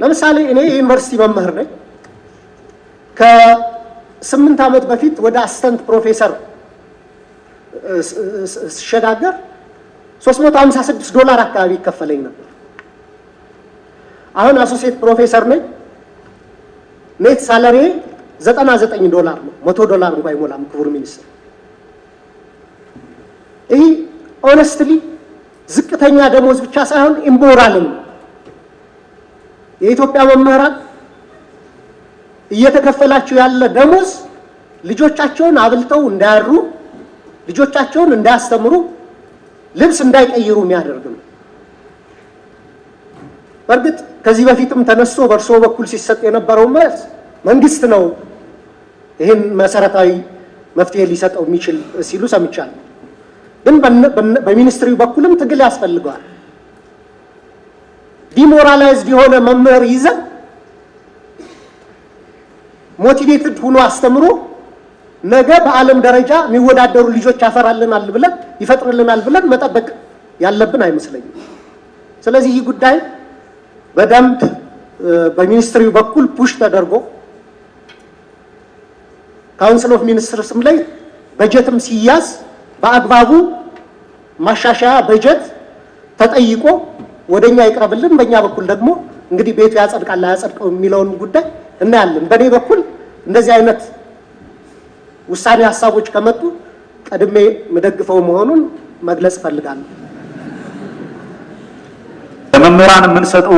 ለምሳሌ እኔ የዩኒቨርሲቲ መምህር ነኝ። ከስምንት ዓመት በፊት ወደ አስተንት ፕሮፌሰር ስሸጋገር 356 ዶላር አካባቢ ይከፈለኝ ነበር። አሁን አሶሴት ፕሮፌሰር ነኝ። ኔት ሳለሪ 99 ዶላር ነው። 100 ዶላር እንኳን አይሞላም። ክቡር ሚኒስትር፣ ይህ ኦነስትሊ ዝቅተኛ ደሞዝ ብቻ ሳይሆን ኢምቦራልም ነው። የኢትዮጵያ መምህራን እየተከፈላቸው ያለ ደሞዝ ልጆቻቸውን አብልተው እንዳያሩ፣ ልጆቻቸውን እንዳያስተምሩ፣ ልብስ እንዳይቀይሩ የሚያደርግ ነው። በእርግጥ ከዚህ በፊትም ተነስቶ በእርስዎ በኩል ሲሰጥ የነበረው መልስ መንግስት ነው ይህን መሰረታዊ መፍትሄ ሊሰጠው የሚችል ሲሉ ሰምቻለሁ። ግን በሚኒስትሪ በኩልም ትግል ያስፈልገዋል። ዲሞራላይዝድ የሆነ መምህር ይዘ ሞቲቬትድ ሆኖ አስተምሮ ነገ በዓለም ደረጃ የሚወዳደሩ ልጆች ያፈራልናል ብለን ይፈጥርልናል ብለን መጠበቅ ያለብን አይመስለኝም። ስለዚህ ይህ ጉዳይ በደንብ በሚኒስትሪው በኩል ፑሽ ተደርጎ ካውንስል ኦፍ ሚኒስትርስም ላይ በጀትም ሲያዝ በአግባቡ ማሻሻያ በጀት ተጠይቆ ወደኛ ይቅረብልን። በእኛ በኩል ደግሞ እንግዲህ ቤቱ ያጸድቃል አያጸድቀው የሚለውን ጉዳይ እናያለን። በእኔ በኩል እንደዚህ አይነት ውሳኔ ሀሳቦች ከመጡ ቀድሜ የምደግፈው መሆኑን መግለጽ እፈልጋለሁ። ለመምህራን የምንሰጠው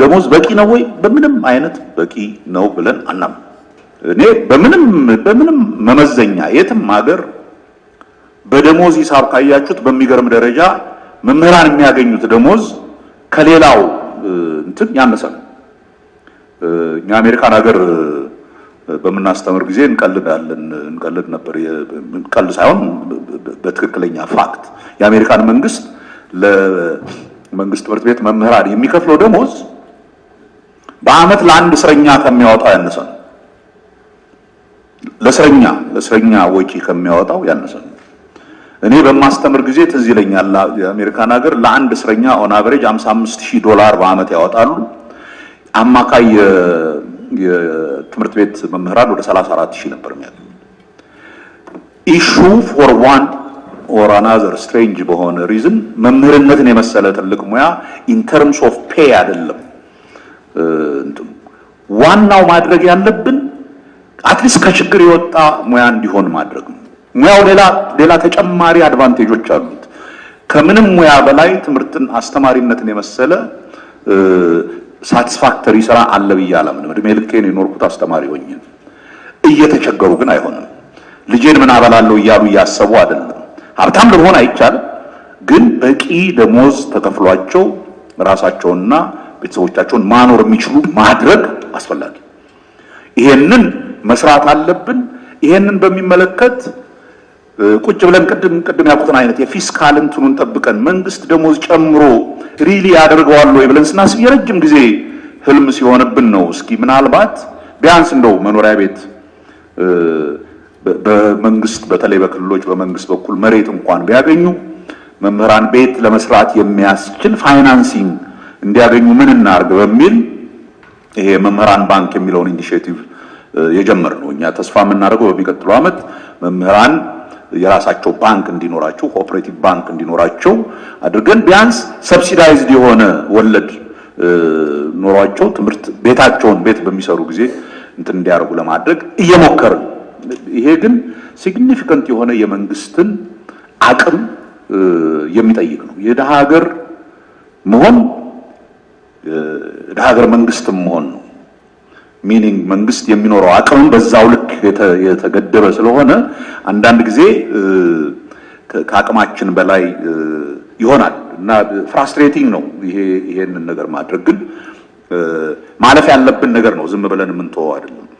ደሞዝ በቂ ነው ወይ? በምንም አይነት በቂ ነው ብለን አናም እኔ በምንም በምንም መመዘኛ የትም ሀገር በደሞዝ ሂሳብ ካያችሁት በሚገርም ደረጃ መምህራን የሚያገኙት ደሞዝ ከሌላው እንትን ያነሰ ነው። እኛ አሜሪካን ሀገር በምናስተምር ጊዜ እንቀልዳለን እንቀልድ ነበር። ቀልድ ሳይሆን በትክክለኛ ፋክት የአሜሪካን መንግስት ለመንግስት ትምህርት ቤት መምህራን የሚከፍለው ደሞዝ በአመት ለአንድ እስረኛ ከሚያወጣው ያነሰ ነው። ለእስረኛ ለእስረኛ ወጪ ከሚያወጣው ያነሰ ነው። እኔ በማስተምር ጊዜ ትዝ ይለኛል የአሜሪካን ሀገር ለአንድ እስረኛ ኦን አቨሬጅ 55000 ዶላር በአመት ያወጣሉ። አማካይ የትምህርት ቤት መምህራን ወደ 34000 ነበር የሚያገኙ። ኢሹ ፎር ዋን ኦር አናዘር ስትሬንጅ በሆነ ሪዝን መምህርነትን የመሰለ ትልቅ ሙያ ኢን ተርምስ ኦፍ ፔይ አይደለም እንትም ዋናው ማድረግ ያለብን አትሊስት ከችግር የወጣ ሙያ እንዲሆን ማድረግ ነው። ሙያው ሌላ ሌላ ተጨማሪ አድቫንቴጆች አሉት። ከምንም ሙያ በላይ ትምህርትን አስተማሪነትን የመሰለ ሳቲስፋክተሪ ስራ አለ ብዬ አላምንም። እድሜ ልኬን የኖርኩት አስተማሪ ሆኜ እየተቸገሩ ግን አይሆንም። ልጄን ምን አበላለሁ እያሉ እያሰቡ አይደለም። ሀብታም ልሆን አይቻልም፣ ግን በቂ ደሞዝ ተከፍሏቸው ራሳቸውና ቤተሰቦቻቸውን ማኖር የሚችሉ ማድረግ አስፈላጊ። ይሄንን መስራት አለብን። ይሄንን በሚመለከት ቁጭ ብለን ቅድም ቅድም ያልኩትን አይነት የፊስካል እንትኑን ጠብቀን መንግስት ደሞዝ ጨምሮ ሪሊ ያደርገዋል ወይ ብለን ስናስብ የረጅም ጊዜ ህልም ሲሆንብን ነው። እስኪ ምናልባት ቢያንስ እንደው መኖሪያ ቤት በመንግስት በተለይ በክልሎች በመንግስት በኩል መሬት እንኳን ቢያገኙ መምህራን ቤት ለመስራት የሚያስችል ፋይናንሲንግ እንዲያገኙ ምን እናርግ በሚል ይሄ መምህራን ባንክ የሚለውን ኢኒሼቲቭ የጀመርነው እኛ ተስፋ የምናደርገው በሚቀጥለው ዓመት መምህራን የራሳቸው ባንክ እንዲኖራቸው ኮኦፕሬቲቭ ባንክ እንዲኖራቸው አድርገን ቢያንስ ሰብሲዳይዝድ የሆነ ወለድ ኖሯቸው ትምህርት ቤታቸውን ቤት በሚሰሩ ጊዜ እንትን እንዲያደርጉ ለማድረግ እየሞከርን ይሄ ግን ሲግኒፊካንት የሆነ የመንግስትን አቅም የሚጠይቅ ነው። የድሃ ሀገር መሆን ድሃ ሀገር መንግስትም መሆን ነው። ሚኒንግ መንግስት የሚኖረው አቅምም በዛው የተገደበ ስለሆነ አንዳንድ ጊዜ ከአቅማችን በላይ ይሆናል እና ፍራስትሬቲንግ ነው ይሄንን ነገር ማድረግ ግን ማለፍ ያለብን ነገር ነው። ዝም ብለን የምንተወው አይደለም።